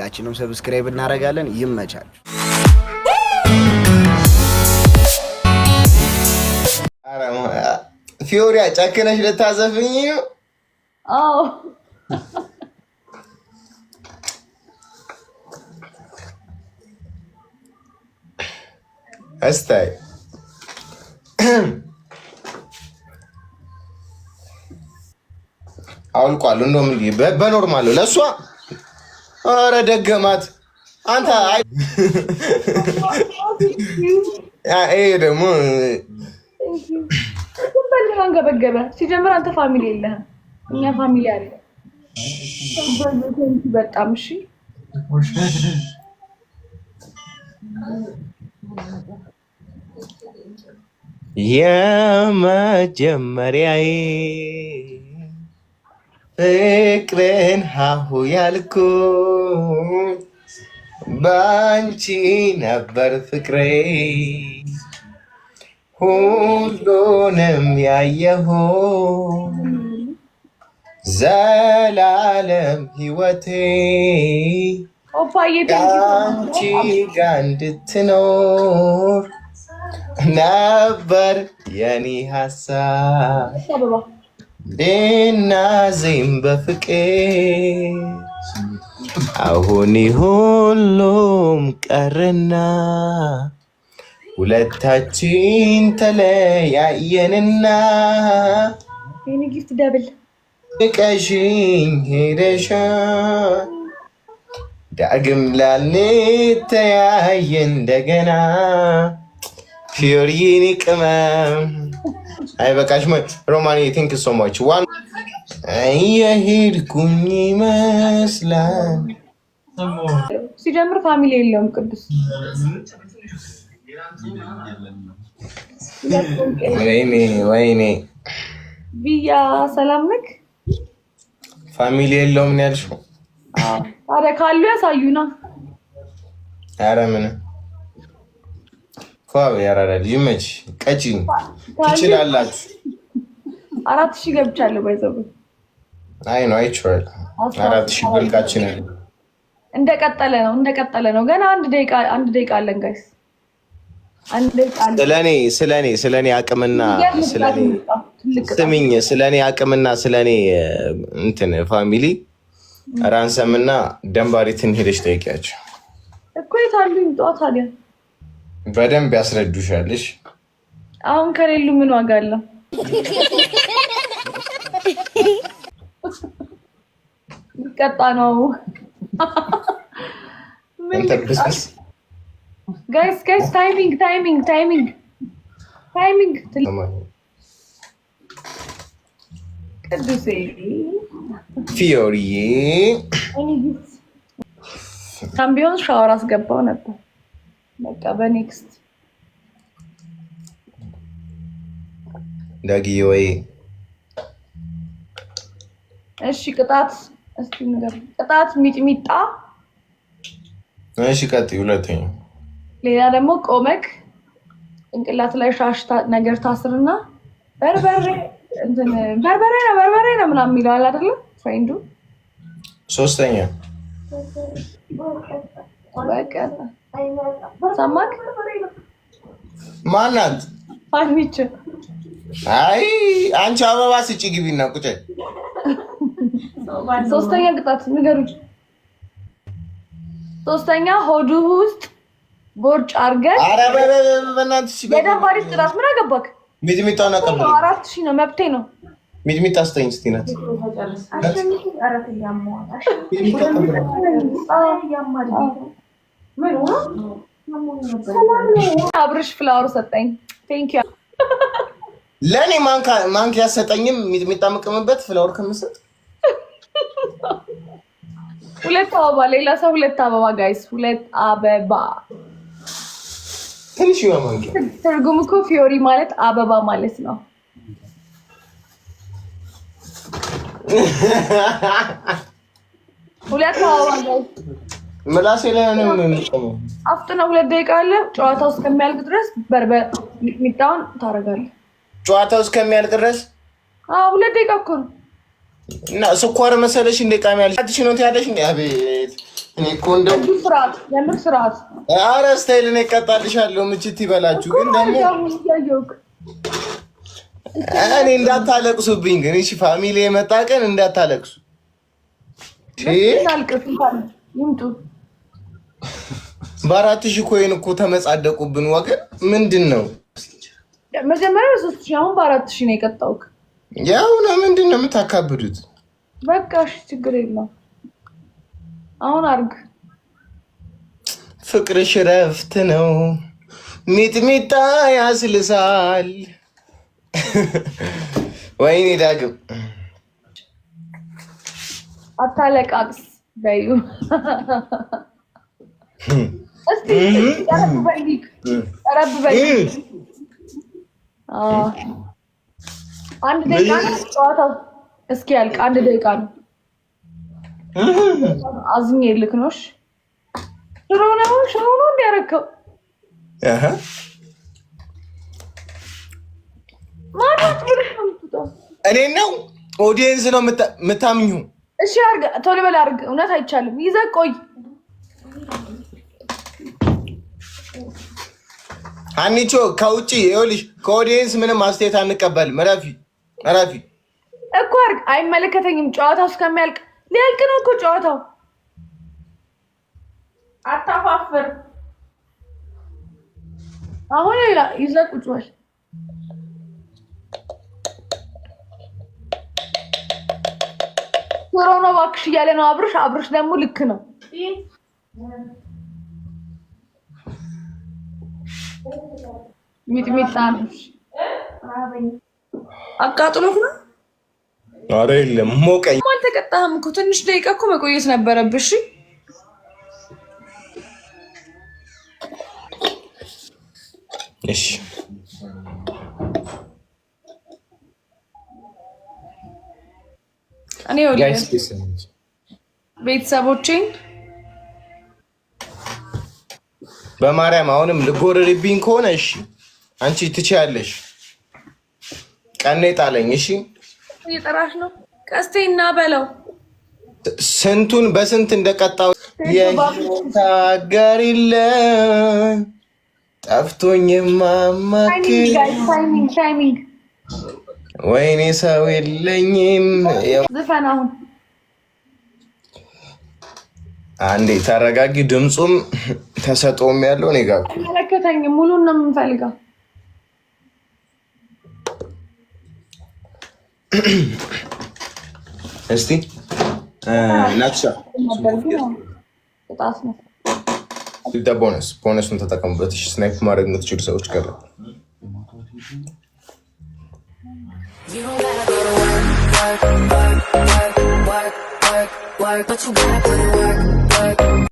ሁላችንም ሰብስክራይብ እናደርጋለን። ይመቻችሁ። ፊዮሪያ ጨክነሽ ልታዘፍኝ እስታይ አውልቋል። እንደውም በኖርማሉ ለእሷ አረ ደገማት አንተ። ይሄ ደግሞ አንገበገበ ሲጀምር አንተ ፋሚሊ የለህም፣ እኛ ፋሚሊ አለ። በጣም እሺ የመጀመሪያዬ ፍቅርን ሀሁ ያልኩ ባንቺ ነበር ፍቅሬ ሁሉንም ያየሁ ዘላለም ህይወቴ አንቺ ጋ እንድትኖር ነበር የኔ ሀሳብ። ዴናዜም በፍቅር አሁን ሁሉም ቀርና ሁለታችን ተለያየንና ጊፍት ደብል ቀሽኝ ሄደሻል። ዳግም ላልተያየ እንደገና ፊዮሪ የኔ ቅመም አይበቃሽ ሮማኒ ቲንክ ሶ ማች ዋን የሄድኩኝ ይመስላል። ሲጀምር ፋሚሊ የለውም ቅዱስ ወይኔ ወይኔ ብያ ሰላም ነክ ፋሚሊ የለውም ነው ያልሽው። ታዲያ ካሉ ያሳዩና ኧረ ምንም ያራዳ ያራዳል መች ቀጭን ትችላላችሁ። አራት ሺህ ገብቻለሁ። ባይዘቡ አይ ነው አራት ሺህ ብልቃችን እንደቀጠለ ነው እንደቀጠለ ነው። ገና አንድ ደቂቃ አንድ ደቂቃ አለን ጋይስ። ስለኔ ስለኔ ስለኔ አቅምና ስለኔ ስሚኝ፣ ስለኔ አቅምና ስለኔ እንትን ፋሚሊ ራንሰምና ደንባሪትን ሄደች ጠይቂያቸው እኮ የታሉኝ በደንብ ያስረዱሻልሽ። አሁን ከሌሉ ምን ዋጋ አለው? ቀጣ ነው። ጋይስ ጋይስ፣ ታይሚንግ ታይሚንግ ታይሚንግ ታይሚንግ ቅዱሴ ፊዮሪዬ ቢሆን ሻወር አስገባው ነበር። በቃ በኔክስት ዳጊዬ ወይ እሺ፣ ቅጣት እስቲ ንገር። ቅጣት ሚጥሚጣ። እሺ፣ ቀጥይ። ሁለተኛ ሌላ ደግሞ ቆመክ ጭንቅላት ላይ ሻሽ ነገር ታስርና በርበሬ እንትን በርበሬ ነው በርበሬ ነው ምናምን የሚለዋል አይደለም ፍሬንዱ። ሶስተኛ ሰማክ ማናት? ሀይሚች አይ አንቺ አበባ ስጪ ግቢና ቁጭ። ሶስተኛ ቅጣት ንገሩኝ። ሶስተኛ ሆዱ ውስጥ ቦርጭ አድርገን የደንብ ቅጣት። ምን አገባክ? ሚጥሚጣውን አራት ሺህ ነው መብቴ ነው። ሚጥሚጣ እስኪ ናት አብርሽ ፍላወር ሰጠኝ። ቴንክ ለእኔ ማንኪያ ሰጠኝም ሚጥሚጣ ፍላወር ከምሰጥ ሁለት አበባ ሌላ ሰው ሁለት አበባ ጋይስ፣ ሁለት አበባ ትንሽ ማንኪያ። ትርጉም እኮ ፊዮሪ ማለት አበባ ማለት ነው። ሁለት አበባ ጋይስ ምላሴ ላይ ነው ሆነ አፍጥና ሁለት ደቂቃ አለ። ጨዋታው እስከሚያልቅ ድረስ በርበ ሚጣውን ታደርጋለህ። ጨዋታው እስከሚያልቅ ድረስ ሁለት ደቂቃ እኮ ነው። እና ስኳር መሰለሽ እንደ ቃሚ ያለሽ አዲስ ነው ያለሽ። እንደ አቤት እኔ እኮ እንደው ስርዓት፣ የምር ስርዓት። ኧረ ስታይል እኔ እቀጣልሻለሁ። ምችት ይበላችሁ። ግን ደግሞ እኔ እንዳታለቅሱብኝ ግን እሺ፣ ፋሚሊ የመጣ ቀን እንዳታለቅሱ። እሺ፣ ይምጡ በአራት ሺህ ኮይን እኮ ተመጻደቁብን። ወገን ምንድን ነው መጀመሪያ ሶስት ሺህ አሁን በአራት ሺህ ነው የቀጣውክ። ያው ምንድን ነው የምታካብዱት? በቃ እሺ ችግር የለው። አሁን አርግ። ፍቅርሽ ረፍት ነው፣ ሚጥሚጣ ያስልሳል። ወይኔ ዳግም አታለቃቅስ በዩ አንድ ደቂቃ ነው ጨዋታው እስኪያልቅ አንድ ደቂቃ ነው። አዝኜ ልክ ነው። ሽሮ ነው ሽሮ ነው እንዲያረከው እኔ ነው ኦዲየንስ ነው የምታምኙ። እሺ አርግ፣ ቶሎ በል አርግ። እውነት አይቻልም። ይዘህ ቆይ አንቺ ከውጭ ይኸውልሽ፣ ከኦዲየንስ ምንም አስተያየት አንቀበልም። እረፊ እረፊ። እኮ አድርግ። አይመለከተኝም። ጨዋታው እስከሚያልቅ ሊያልቅ ነው እኮ ጨዋታው። አታፋፍር። አሁን ሌላ ይዘህ ቁጭ በል። ሮኖ እባክሽ እያለ ነው አብርሽ። አብርሽ ደግሞ ልክ ነው። ሚጥሚጣ ነው ነው። ኧረ የለም ሞቀኝ። አልተቀጣህም እኮ ትንሽ ደቂቃ እኮ መቆየት ነበረብሽ። እሺ እኔ ቤተሰቦቼን በማርያም አሁንም ልጎረድብኝ ከሆነ እሺ፣ አንቺ ትችያለሽ። ቀኔ ጣለኝ። እሺ፣ እየጠራሽ ነው። ቀስቴ እና በለው ስንቱን በስንት እንደቀጣው የታገሪለ ጠፍቶኝ ማማክል ወይኔ ሰው የለኝም። አንዴ ተረጋጊ። ድምፁም ተሰጥቶም ያለው እኔ ጋር እኮ ሙሉ ነው የምንፈልገው። እስቲ ናትሻ ቦነስ ቦነሱን ተጠቀሙበት። ስናይፕ ማድረግ የምትችሉ ሰዎች ቀረ You gotta go to work, work, work, work, work. work, work, but you gotta put it work, work.